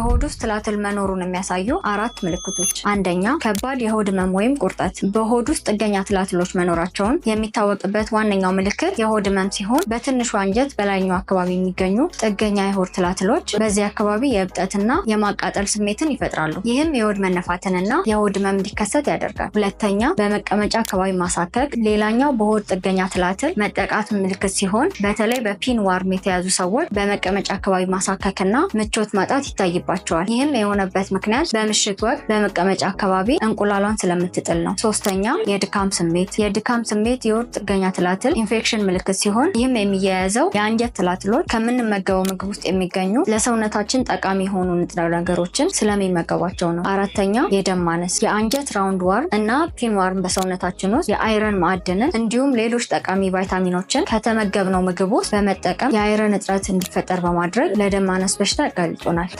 በሆድ ውስጥ ትላትል መኖሩን የሚያሳዩ አራት ምልክቶች፣ አንደኛ ከባድ የሆድ ህመም ወይም ቁርጠት። በሆድ ውስጥ ጥገኛ ትላትሎች መኖራቸውን የሚታወቅበት ዋነኛው ምልክት የሆድ ህመም ሲሆን በትንሹ አንጀት በላይኛው አካባቢ የሚገኙ ጥገኛ የሆድ ትላትሎች በዚህ አካባቢ የእብጠትና የማቃጠል ስሜትን ይፈጥራሉ። ይህም የሆድ መነፋትንና የሆድ ህመም እንዲከሰት ያደርጋል። ሁለተኛ በመቀመጫ አካባቢ ማሳከክ፣ ሌላኛው በሆድ ጥገኛ ትላትል መጠቃት ምልክት ሲሆን በተለይ በፒን ዋርም የተያዙ ሰዎች በመቀመጫ አካባቢ ማሳከክና ምቾት ማጣት ይታይባል ይኖርባቸዋል። ይህም የሆነበት ምክንያት በምሽት ወቅት በመቀመጫ አካባቢ እንቁላሏን ስለምትጥል ነው። ሶስተኛ የድካም ስሜት። የድካም ስሜት የሆድ ጥገኛ ትላትል ኢንፌክሽን ምልክት ሲሆን ይህም የሚያያዘው የአንጀት ትላትሎች ከምንመገበው ምግብ ውስጥ የሚገኙ ለሰውነታችን ጠቃሚ የሆኑ ንጥረ ነገሮችን ስለሚመገቧቸው ነው። አራተኛ የደም ማነስ። የአንጀት ራውንድ ዋር እና ፒንዋርን በሰውነታችን ውስጥ የአይረን ማዕድንን እንዲሁም ሌሎች ጠቃሚ ቫይታሚኖችን ከተመገብነው ምግብ ውስጥ በመጠቀም የአይረን እጥረት እንዲፈጠር በማድረግ ለደም ማነስ በሽታ ያጋልጡናል።